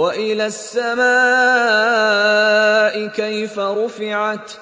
والى السماء كيف رفعت